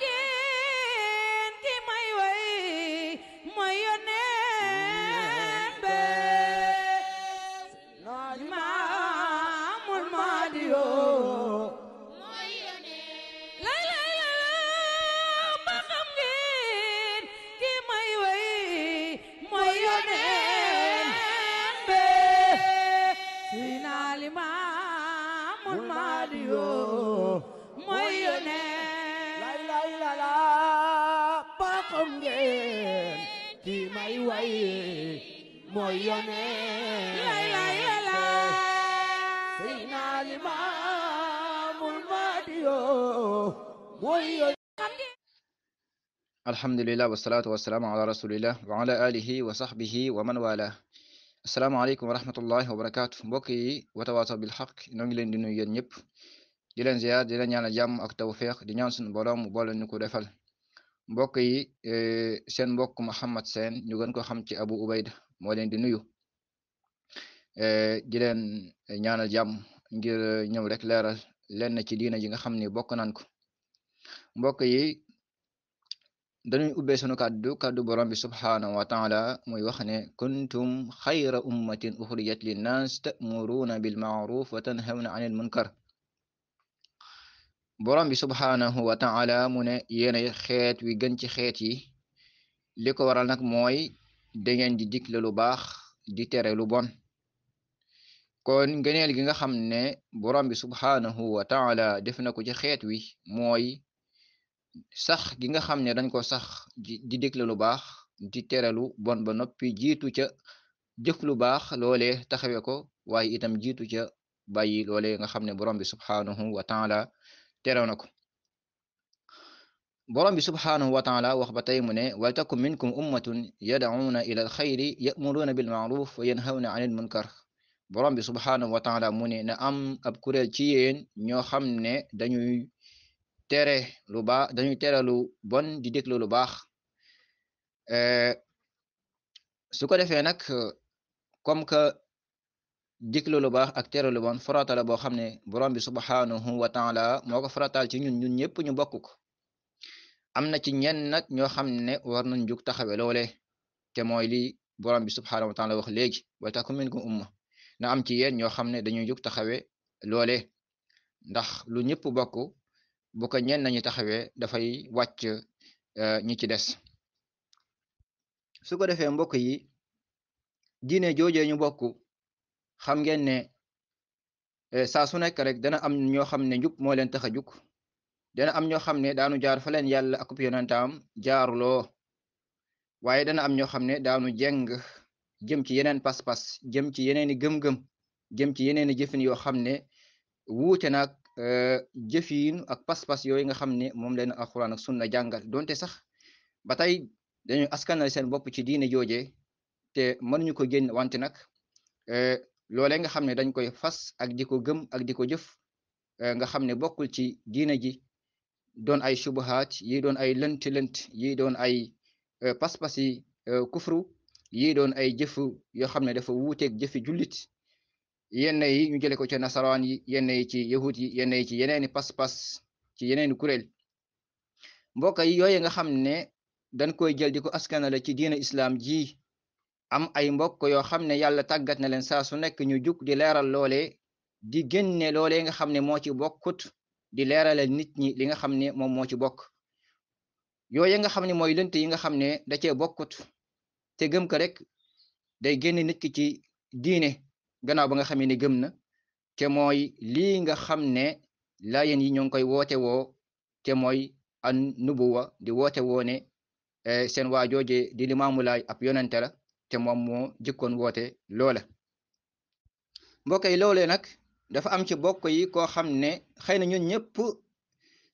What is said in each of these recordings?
gi mooy yoneen lay lay la sey naa limaamul maadiyoo mooy yoneen alhamdulillah wasalaatu wasalaamu ala rasulillah wa ala alihi wa sahbihi wa man wala asalaamaaleykum wa rahmatullahi wa barakaatu mbokk yi watawaasaw bil xaq ñoo ngi leen di nuyu yéen ñëpp di leen ziar di leen ñaanal jàmm ak tawfeex di ñaan suñu borom boole ñu ko defal mbokk yi eh, seen mbokk Mouhamed Sène ñu gën ko xam ci Abu Ubayda moo leen di nuyu eh, di leen ñaanal jàmm ngir ñëw rek leeral lenn ci diina ji nga xam ni bokk nan ko mbokk yi dañuy ubbee sunu kàddu kàddu borom bi subhaanahu wa taala muy wax ne kuntum xayra ummatin uxrijat linnaas ta'muruuna bil ma'ruf wa tanhawna anil munkar borom bi subhaanahu wa taala mu ne yéena xeet wi gën ci xeet yi li ko waral nag mooy da ngeen di digle lu baax di tere bon kon ngëneel gi nga xam ne borom bi subhaanahu wa taala def na ko ca xeet wi mooy sax gi nga xam ne dañ ko sax di digle lu baax di tere bon ba noppi jiitu ca jëf lu baax loolee taxawe ko waaye itam jiitu ca bàyyi loolee nga xam ne borom bi subhaanahu wa taala tere na ko borom bi subhaanahu wa taala wax ba tey mu ne waltakun minkum ummatun yad'uuna ila alxayri ya'muruuna bil ma'ruf wa yanhawna anil munkar borom bi subhaanahu wa taala mu ne na am ab kuréel ci yéen ñoo xam ne dañuy tere lu baax dañuy tere lu bon di déglu lu baax eh, su ko defee nag comme que déglu lu baax ak tere lu bon farata la boo xam ne borom bi subhaanahu wa taala moo ko farataal ci ñun ñun ñëpp ñu bokk ko am na ci ñenn nag ñoo xam ne war nañ jug taxawe loole te mooy li borom bi subhaanahu wa taala wax léegi wa takum minkum umma na am ci yéen ñoo xam ne dañuy jug taxawe loole ndax lu ñëpp bokk bu ko ñenn nañu taxawee dafay wàcc e, ñi ci des su ko defee mbokk yi diine joojee ñu bokk xam ngeen ne e, saa su nekk rek dana am ñoo xam ne njub moo leen tax a jug dana am ñoo xam ne daanu jaar fa leen yàlla akub yonentaam jaaruloo waaye dana am ñoo xam ne daanu jeng jëm ci yeneen pas-pas jëm ci yeneeni gëm-gëm jëm ci yeneeni jëfin yoo xam ne wuute nag eh, jëfin ak pas-pas yooyu nga xam ne moom leen alxuraan ak sunna jàngal donte sax ba tey dañu askanal seen bopp ci diine jooje te mënuñu ko génn wante nag eh, loole nga xam ne dañ koy fas ak di ko gëm ak di ko jëf eh, nga xam ne bokkul ci diine ji doon ay shubuhaat yii doon ay lënt-lënt yii doon ay euh, pas-pasi euh, kufru yii doon ay jëf yoo xam ne dafa wuuteeg jëfi jullit yenn yi ñu jële ko ci nasaraan yi yenn yi ci yahut yi yenn yi ci yeneeni pas-pas ci yeneeni kuréel mbokk yi yooyu nga xam ne dan koy jël di ko ci diina islaam ji am ay mbokk yoo xam ne yàlla tàggat na leen saa su nekk ñu jug di leeral loole di génne loolee nga xam ne moo ci bokkut di leerale nit ñi li nga xam ne moom moo ci bokk yooyu nga xam ne mooy lënt yi nga xam ne da cee bokkut te gëm ko rek day génne nit ki ci diine gannaaw ba nga xamee ne gëm na te mooy lii nga xam ne laayeen yi ñoo ngi koy woote woo te mooy an nubuwa di woote woo ne eh, seen waa di limaamu laay a yonente la te moom moo jëkkoon woote loola mbokk yi loolee dafa am ci bokk yi koo xam ne xëy na ñun ñëpp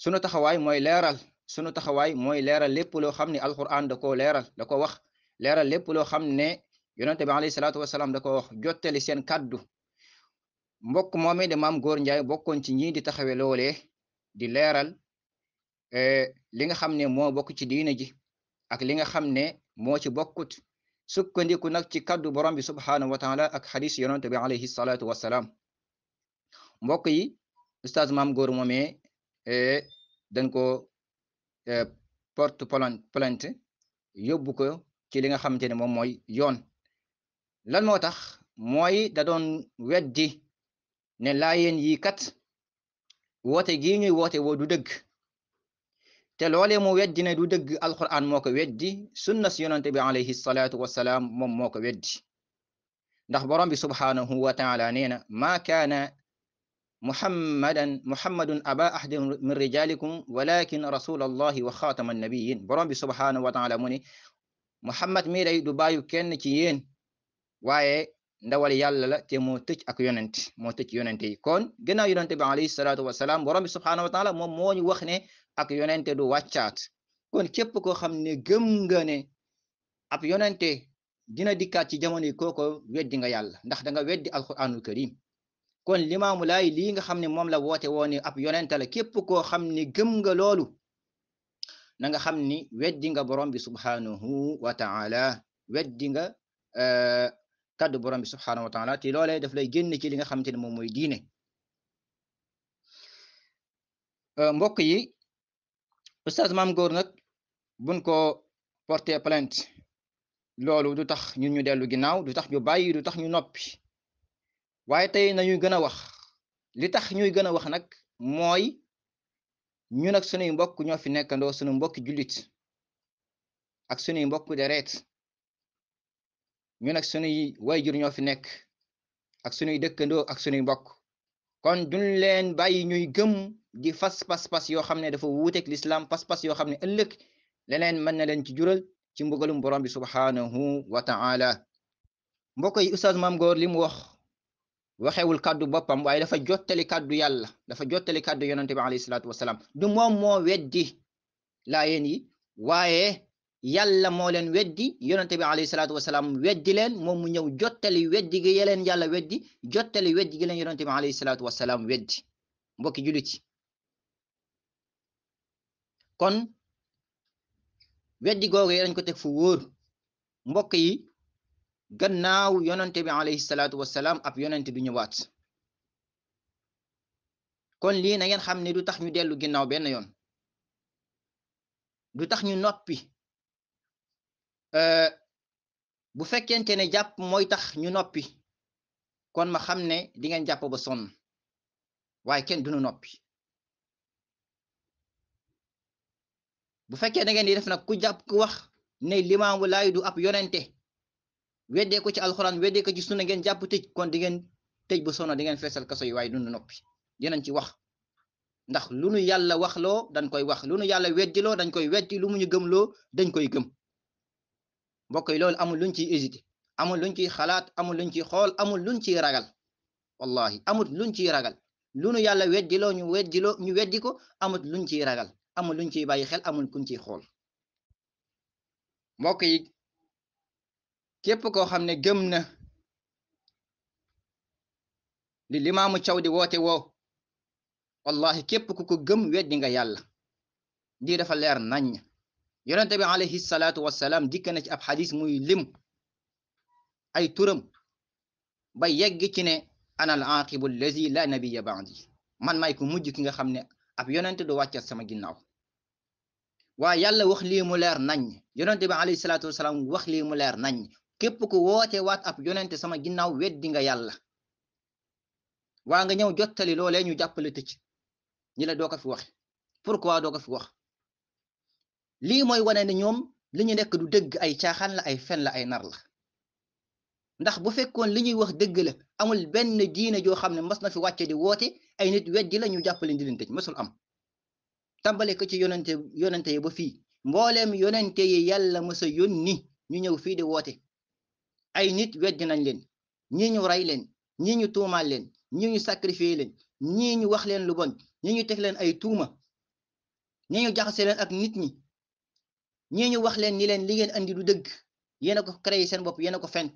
sunu taxawaay mooy leeral sunu taxawaay mooy leeral lépp loo xam ne alquran da koo leeral da ko wax leeral lépp loo xam ne yonente bi alayhi salaatu wasalaam da ko wax jottali seen kàddu mbokk moomee de maam góor njaay bokkoon ci ñii di taxawe loolee di leeral e, li nga xam ne moo bokk ci diina ji ak li nga xam ne moo ci bokkut sukkandiku nag ci kàddu borom bi subhaanahu wa taala ak xadis yonente bi alayhi salaatu wasalaam mbokk yi oustaz maam góor moomee eh, dañ ko eh, porte plainte yóbbu ko ci li nga xamante ne moom mooy yoon lan moo tax mooy da doon weddi ne laayeen yi kat woote gii ñuy woote woo du dëgg te loolee mu weddi ne du dëgg alquran moo ko weddi sunna si yonante bi alayhi salaatu wassalaam moom moo ko weddi ndax borom bi kaana muhammadan muhammadun aba ahadin min rijalikum walakin rasulallahi wa xaatama annabiyin borom bi subhaanahu wa taala mu ni muhammad mii day du bàyyu kenn ci yéen waaye ndawal yàlla la te moo tëj ak yonent moo tëj yonent yi kon gannaaw yonent bi alayhi salaatu wasalaam borom bi subhaanahu wa moom moo ñu wax ne ak yonente du wàccaat kon képp koo xam ne gëm nga ne ab yonente dina dikkaat ci jamono yi kooko weddi nga yàlla ndax da nga weddi alquranul karim kon limaamu laay lii nga xam ne moom la woote woo ne ab yonente la képp koo xam ne gëm nga loolu na nga xam ni weddi nga borom bi subhaanahu wa taala weddi nga eh, kaddu borom bi subhaanahu wa taala te loolee daf lay génn ci li nga xamante ne moom mooy diine eh, mbokk yi oustaz maam góor nag buñ ko porté plainte loolu du tax ñun ñu dellu ginnaaw du tax ñu bàyyi du tax ñu noppi waaye tey nañuy gën a wax li tax ñuy gën a wax nag mooy ñun ak sunuy mbokk ñoo fi nekkandoo sunu mbokki jullit ak sunuy mbokk deret ñun ak sunuy wayjur ñoo fi nekk ak sunuy dëkkandoo ak sunuy mbokk kon duñ leen bàyyi ñuy gëm di fas pas pas yoo xam ne dafa wuuteeg lislaam pas pas yoo xam ne ëllëg leneen mën na leen ci jural ci mbugalum borom bi subhaanahu wa ta'ala mbokk yi ustaz maam góor li mu wax waxewul kàddu boppam waaye dafa jottali kàddu yàlla dafa jottali kàddu yonante bi alayhi salaatu wasalaam du moom moo weddi laayeen yi waaye yàlla moo leen weddi yonante bi alayhi salaatu wasalaam weddi leen moom mu ñëw jottali weddi gi yeleen yàlla weddi jottali weddi gi leen yonente bi alayhi salaatu wasalaam weddi mbokki julit yi kon weddi googu dañ ko teg fu wóor mbokk yi gannaaw yonante bi alayhi salaatu wasalaam ab yonante du ñëwaat kon lii na ngeen xam ne du tax ñu dellu ginnaaw benn yoon du tax ñu noppi euh, bu fekkente ne jàpp mooy tax ñu noppi kon ma xam ne di ngeen jàpp ba sonn waaye kenn duñu noppi bu fekkee da ngeen di def nag ku jàpp ku wax ne limaamu laay du ab yonente weddee ko ci alxuraan weddee ko ci sunna ngeen jàpp tëj kon di ngeen tëj bu sono di ngeen feesal kaso yi waaye dund noppi dinañ ci wax ndax lu nu yàlla wax loo dañ koy wax lu nu yàlla weddiloo dañ koy weddi lu mu ñu gëmloo dañ koy gëm mbokk yi loolu amul luñ ciy hésité amul luñ ciy xalaat amul luñ ciy xool amul luñ ciy ragal wallahi amul luñ ciy ragal lu nu yàlla weddiloo ñu weddiloo ñu weddi ko amul luñ ciy ragal amul luñ ciy bàyyi xel amul kuñ ciy xool mbokk képp koo xam ne gëm na li limaamu di woote woo wallahi képp ku ko gëm weddi nga yàlla di dafa leer nañ yonente bi alayhi salaatu wasalaam dikk na ci ab xadis muy lim ay turam ba yegg ci ne ana al aqibu allazi la nabiya ba'di man may ku mujj ki nga xam ne ab yonente du wàccat sama ginnaaw waaye yàlla wax lii mu leer nañ yonente bi alayhi salaatu wasalaam wax lii mu leer nañ képp ko woote waat ab yonente sama ginnaaw weddi nga yàlla waa nga ñëw jottali loolee ñu jàppale tëcc ñi la doo ko fi wax pour pourquoi doo ko fi wax lii mooy wane ne ñoom li ñu nekk du dëgg ay caaxaan ay fen la ay nar la ndax bu fekkoon li ñuy wax dëgg la amul benn diine joo xam ne mas na fi wàcce di woote ay nit weddi la ñu jàppale di leen tëj masul am tàmbale ko ci yonente yonente yi ba fii mbooleem yonente yi yàlla mës yoon ni ñu ñëw fii di woote ay nit weddi nañ leen ñii ñu rey leen ñii ñu tuumaal leen ñii ñu sacrifier leen ñii ñu wax leen lu bon ñii ñu teg leen ay tuuma ñii ñu jaxase ak nit ñi ñii ñu wax leen ni leen li ngeen andi du dëgg yéen a ko créé seen bopp yéen a ko fent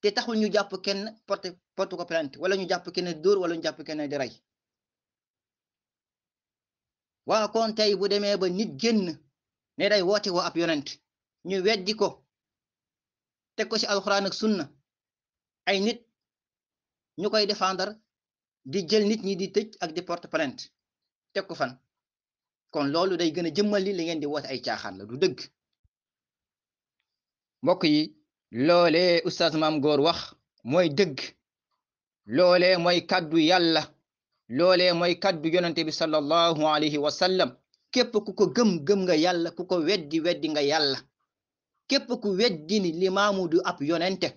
te taxul ñu jàpp kenn porte porte ko plainte wala ñu jàpp kenn dóor wala ñu jàpp kenn di rey waa kon tey bu demee ba nit génn ne day woote ab yonent ñu weddi ko teg ko ci alxuraanak ak sunna ay nit ñu koy défendre di jël nit ñi di tëj ak di porte plainte teg ko fan kon loolu day gën a jëmmal li ngeen di woote ay caaxaan la du dëgg mbokk yi loolee oustaz góor wax mooy dëgg loole mooy kàddu yàlla loole mooy kàddu yonente bi sallallahu alayhi wa sallam képp ku ko gëm gëm nga yàlla ku ko weddi weddi nga yàlla képp ku weddi ni limaamu du ab yonente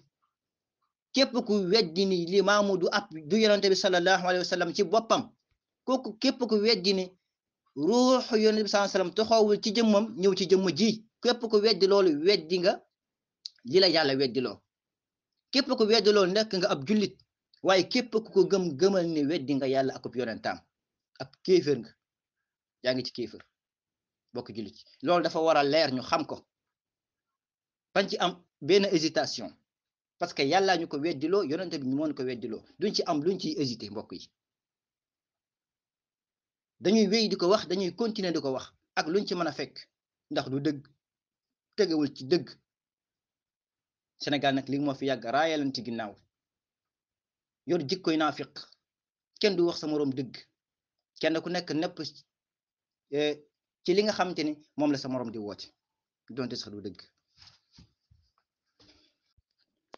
képp ku weddi ni limaamu du ab du yonente bi sallallahu alayhi wa ci boppam kooku képp ku weddi ni ruuxu yonente bi sallallahu alayhi wa sallam ci jëmmam ñëw ci jëmm ji képp ku weddi loolu weddi nga li la yàlla weddi loo képp ku weddi loolu nekk nga ab jullit waaye képp ku ko gëm gëmal ni weddi nga yàlla ako yonentaam ab kéefër nga yaa ngi ci kéefër bokk jullit loolu dafa war a leer ñu xam ko bañ ci am benn hésitation parce que yàllaa ñu ko weddiloo yonente bi ñu moon ko weddiloo duñ ci am luñ ciy hésité mbokk yi dañuy wéy di ko wax dañuy continuer di ko wax ak lu ñu ci mën a fekk ndax du dëgg tegewul ci dëgg Sénégal nag li moo fi yàgg raayalanti ginnaaw yor jikkoy naafiq kenn du wax sa moroom dëgg kenn ku nekk nepp ci eh, li nga xamante ni moom la sa moroom di woote donte sax du dëgg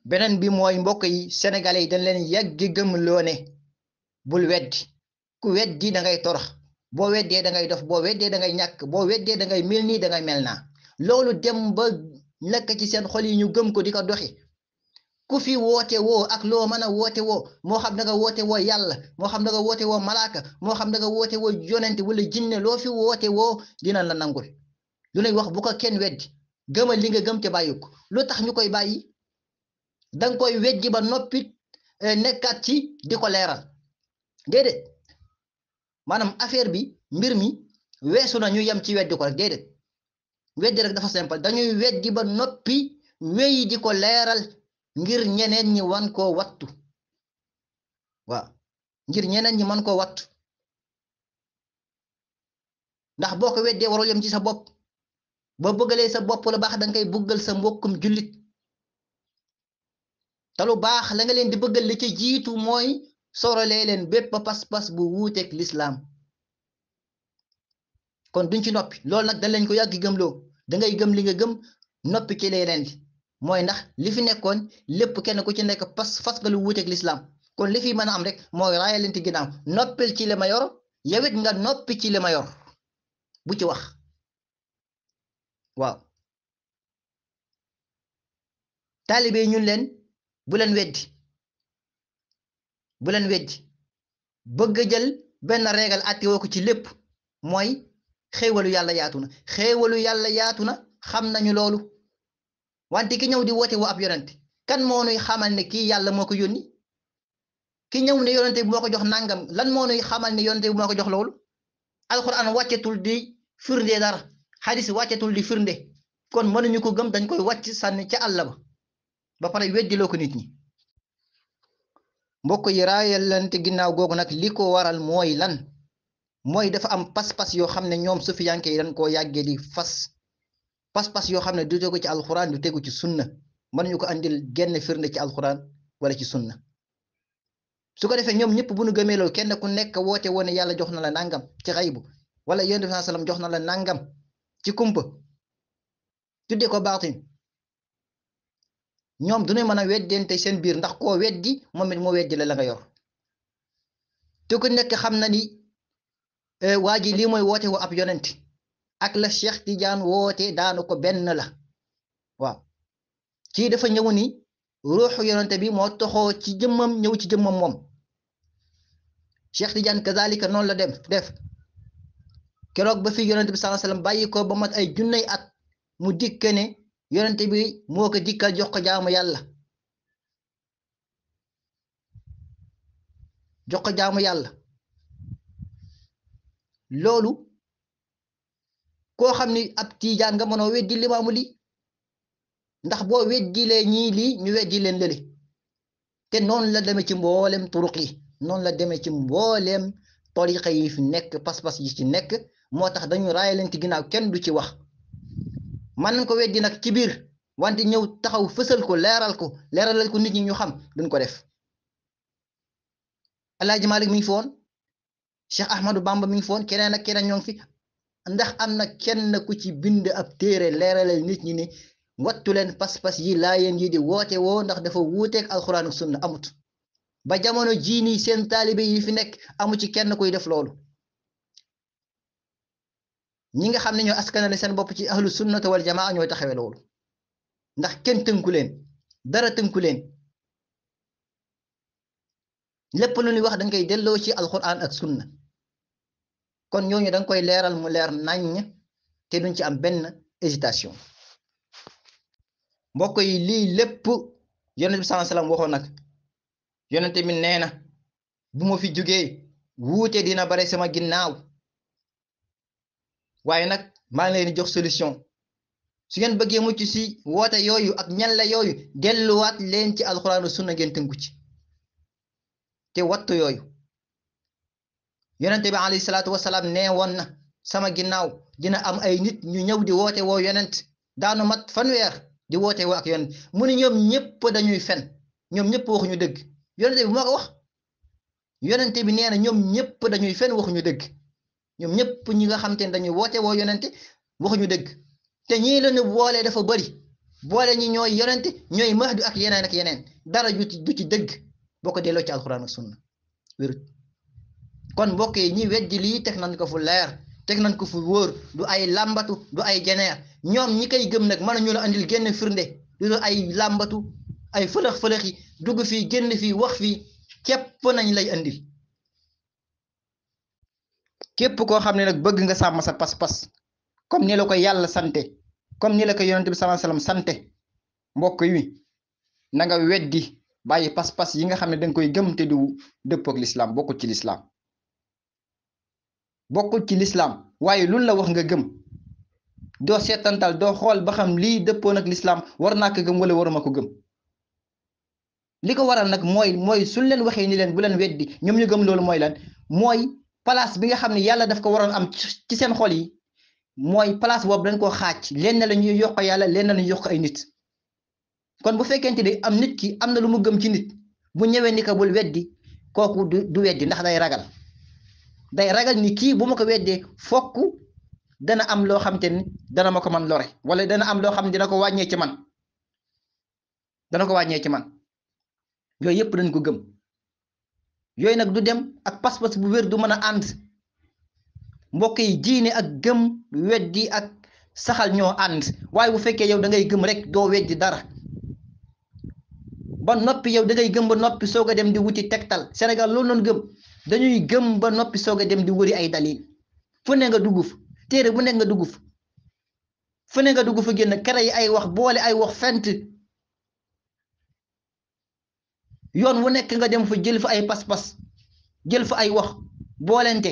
beneen bi mooy mbokk yi sénégalais yi dañ leen yàgg gëm loo ne bul weddi ku weddi da ngay torox boo weddee da ngay dof boo weddee da ngay ñàkk boo weddee dangay ngay mel nii da ngay mel naa loolu dem ba nekk ci seen xol yi ñu gëm ko di ko doxi ku fi woote woo ak loo mën a woote woo moo xam da woote woo yàlla moo xam da nga woote woo malaaka moo xam da nga woote woo jonante wala jinne loo fi woote woo dina la nangul lu lay wax bu ko kenn weddi gëmal li nga gëm te bàyyi danga koy wejji ba noppi eh, nekkaat ci di ko leeral déedéet maanaam affaire bi mbir mi weesu na ñu yem ci weddi ko rek déedéet weddi rek dafa simple dañuy weddi ba noppi wéy di ko leeral ngir ñeneen ñi wan koo wattu waaw ngir ñeneen ñi man koo wattu ndax boo ko weddee waroo yem ci sa bopp boo bëggalee sa bopp la baax danga koy buggal sa mbokkum jullit te baax la nga leen di bëggal li ci jiitu mooy sorolee leen bépp pas-pas bu wuuteeg lislaam kon duñ ci noppi loolu nag dañ lañ ko yàgg gëmloo dangay gëm li nga gëm noppi ci leneen li mooy ndax li fi nekkoon lépp kenn ku ci nekk pas fas nga lu wuuteeg lislaam kon li fi mën a am rek mooy leen ci ginnaaw noppil ci li ma yor yow nga noppi ci li ma bu ci wax waaw taalibe ñun leen buleen leen weddi bu leen weddi bëgg a jël benn régal àttewoo ko ci lépp mooy xéewalu yàlla yaatu na xéewalu yàlla yaatu na xam nañu loolu wante ki ñëw di woote woo ab yonent kan moo nuy ne kii yàlla moo ko yónni ki ñëw ne yonente bi moo ko jox nangam lan moo nuy xamal ne yonente bi moo ko jox loolu alxuraan wàccetul di firnde dara xadis wàccetul di firnde kon mënuñu ko gëm dañ koy wàcc sànni ca àll ba pare weddiloo ko nit ñi mbokk yi raayalante ginnaaw googu nag li ko waral mooy lan mooy dafa am pas-pas yoo xam ne ñoom sufiyanke yi dañ koo yàggee di fas pas-pas yoo xam ne du tegu ci alxuraan du tegu ci sunna mënuñu ko andil genn firnde ci alxuraan wala ci sunna su ko defee ñoom ñëpp bu nu gëmee loolu kenn ku nekk woote woon yàlla jox na la nangam ci xaybu wala yonent bi sallam jox na la nangam ci kumpa tudde ko baatin ñoom dinañ mën a weddente seen biir ndax koo weddi moom it moo weddi la la yor te ku nekk xam na ni eh, waa ji lii mooy woote wu ab yonent ak la Cheikh Tidiane woote daanu ko benn la waaw kii dafa ñëw ni ruuxu yonent bi moo toxoo ci jëmmam ñëw ci jëmmam moom Cheikh Tidiane kazalika noonu la dem def keroog ba fi yonent bi sallallahu alayhi bàyyi ko ba mat ay junney at mu dikke ne yonente bi moo ko dikkal jox ko jaamu yàlla jox ko jaamu yàlla loolu koo xam ni ab tiijaan nga mënoo weddi limaamu li ndax boo weddilee ñii lii ñu weddi leen lële te noonu la demee ci mboolem turuq yi noonu la demee ci mbooleem tariqa yi fi nekk pas-pas yi ci nekk moo tax dañu raaya leen ci ginnaaw kenn du ci wax mën nañ ko weddi nag ci biir wante ñëw taxaw fësal ko leeral ko leeralal ko nit ñi ño xam duñ ko def Alaaji Malik mi ngi fi woon Cheikh Ahmadou Bamba mi ngi fi woon keneen ak kene ñoo ngi fi ndax am na kenn ku ci bind ab téere leeralal nit ñi ni wattu leen pas-pas yi laayeen yi di woote woo ndax dafa wuuteeg alxuraan ak sunna amut ba jamono jii nii seen taalibe yi fi nekk amu ci kenn kuy def loolu ñi nga xam ne ñoo askanale seen bopp ci ahlu sunnata wal jamaa ñooy taxawee loolu ndax kenn tënku leen dara tënku leen lépp lu ñuy wax dañ koy delloo ci alquran ak sunna kon ñooñu danga koy leeral mu leer naññ te duñ ci am benn hésitation mbokk yi lii lépp yonent bi sallallahu alayhi wasallam waxoon nag yonent bi nee na bu ma fi jógee wuute dina bare sama ginnaaw waaye nag maa ngi leen di jox solution su ngeen bëggee mucc si woote yooyu ak ñalla yooyu delluwaat leen ci alxuraanu sunna ngeen tënku ci te wattu yooyu yonente bi alayhi salaatu wasalaam nee woon na sama ginnaaw dina am ay nit ñu ñëw di woote woo yonent daanu mat fanweer di woote woo ak yonent mu ne ñoom ñëpp dañuy fen ñoom ñëpp ñu dëgg yonente bi moo ko wax yonente bi nee na ñoom ñëpp dañuy fen waxuñu dëgg ñoom ñëpp ñi nga xam te ne dañuy woote woo yonente waxuñu dëgg te ñii la ñu boole dafa bëri boole ñi ñooy yonente ñooy mahdu ak yeneen ak yeneen dara ju ci du ci dëgg boo ko delloo ci alxuraan ak sunna wérut kon mbokk yi ñi weddi lii teg nañ ko fu leer teg nañ ko fu wóor du ay làmbatu du ay jeneer ñoom ñi koy gëm nag mënuñu la andil génn firnde du ay làmbatu ay fëlëx fëlëx yi dugg fii génn fii wax fii képp nañ lay andil képp koo xam ne nag bëgg nga sàmm sa pas-pas comme ni la ko yàlla sante comme ni la ko yonent bi sallallahu alayhi sante mbokk yi na nga weddi bàyyi pas-pas yi nga xam ne danga koy gëm te du dëppook lislaam bokkul ci lislaam bokkul ci lislaam waaye lu la wax nga gëm doo seetantal doo xool ba xam lii dëppoon ak lislaam war naa ko gëm wala waruma ko gëm li ko waral nag mooy mooy suñ leen waxee ni leen bu leen weddi ñoom ñu gëm loolu mooy lan mooy palace bi nga xam ne yàlla daf ko waroon am ci seen xol yi mooy palace boobu dañ koo xaaj lenn la ñuy yokk yàlla lenn lu ñuy yokk ay nit kon bu fekkente ni am nit ki am na lu mu gëm ci nit bu ñëwee ni ko bul weddi kooku du du weddi ndax day ragal day ragal ni kii bu ma ko weddee fokk dana am loo xam te ni dana ma ko man lore wala dana am loo xam ne dina ko wàññee ci man dana ko wàññee ci man yooyu yëpp dañ ko gëm. yooyu nag du dem ak pas-pas bu wér du mën a ànd mbokk yi diine ak gëm weddi ak saxal ñoo ànd waaye bu fekkee yow da ngay gëm rek doo weddi dara ba noppi yow dangay gëm ba noppi soog a dem di wuti tegtal senegal lool noon gëm dañuy gëm ba noppi soog a dem di wëri ay dalil fu ne nga dugg téere bu nekk nga dugguf fa fu ne nga dugg fa génn kere yi ay wax boole ay wax fent yoon wu nekk nga dem fa jël fa ay pas-pas jël fa ay wax boolente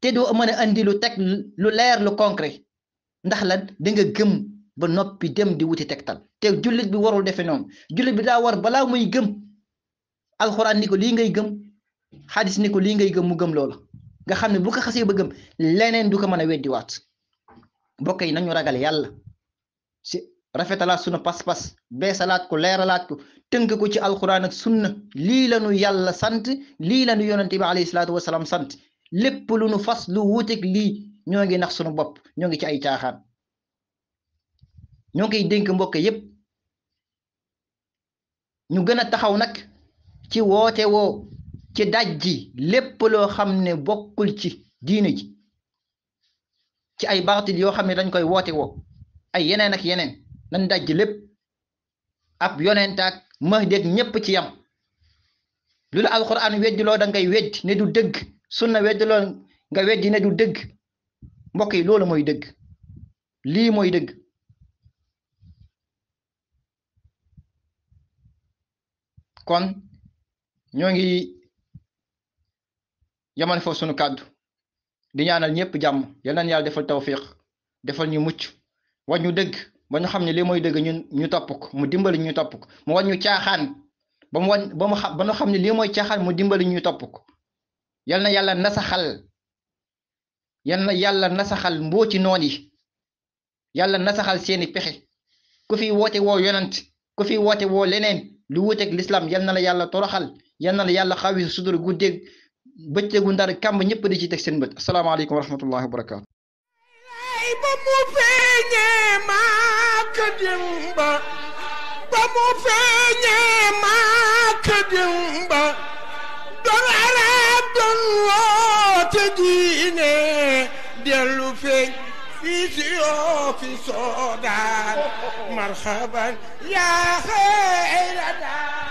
te doo mën a andi lu teg lu leer lu concret ndax la da nga gëm ba noppi dem di wuti tegtal te jullit bi warul defe noonu jullit bi daa war balaa muy gëm alxuraan ni ko lii ngay gëm xadis ni ko lii ngay gëm mu gëm loola nga xam ne bu ko xasee ba gëm leneen du ko mën a weddiwaat mbokk yi nañu ragal yàlla rafetalaat sunu pas-pas beesalaat ko leeralaat ko tënk ko ci alquran ak sunna lii la nu yàlla sant lii la nu yonente bi alayhi salaatu wasalaam sant lépp lu nu fas lu wuuteeg lii ñoo ngi nax sunu bopp ñoo ngi ci ay caaxaan ñoo ngi koy dénk mbokk yépp ñu gën a taxaw nag ci woote woo ci daj ji lépp loo xam ne bokkul ci diine ci ci ay baatil yoo xam ne dañ koy woote woo ay yeneen ak yeneen dañ daj lépp ab yonentaak mahdeeg ñépp ci yam lu la alxuraan weddiloo da ngay weddi ne du dëgg sunna weddiloo nga weddi ne du dëgg mbokk yi loolu mooy dëgg lii mooy dëgg kon ñoo ngi yamal foofu sunu kàddu di ñaanal ñëpp jàmm yal nañu yàlla defal tawfiq defal ñu mucc wañu dëgg ba ñu xam ne lii mooy dëgg ñun ñu topp ko mu dimbali ñu topp ko mu wañ ñu caaxaan ba mu wañ ba mu xam ba ñu xam ne lii mooy caaxaan mu dimbali ñu topp ko yal na yàlla nasaxal yal na yàlla nasaxal mboo ci noon yi yàlla nasaxal seeni pexe ku fi woote woo yonent ku fi woote woo leneen lu wuuteeg lislaam yal na la yàlla toroxal yal na la yàlla xawi sudur guddeeg bëccëgu ndar kàmb ñëpp di ci teg seen bët asalaamaaleykum wa rahmatullahi wa barakaatu. ka dimba ba mu feeñee maa ka dimba doon araab doon woote diine dellu feeñ fii si yoo fi soodaan marhaban yaa xeyra daan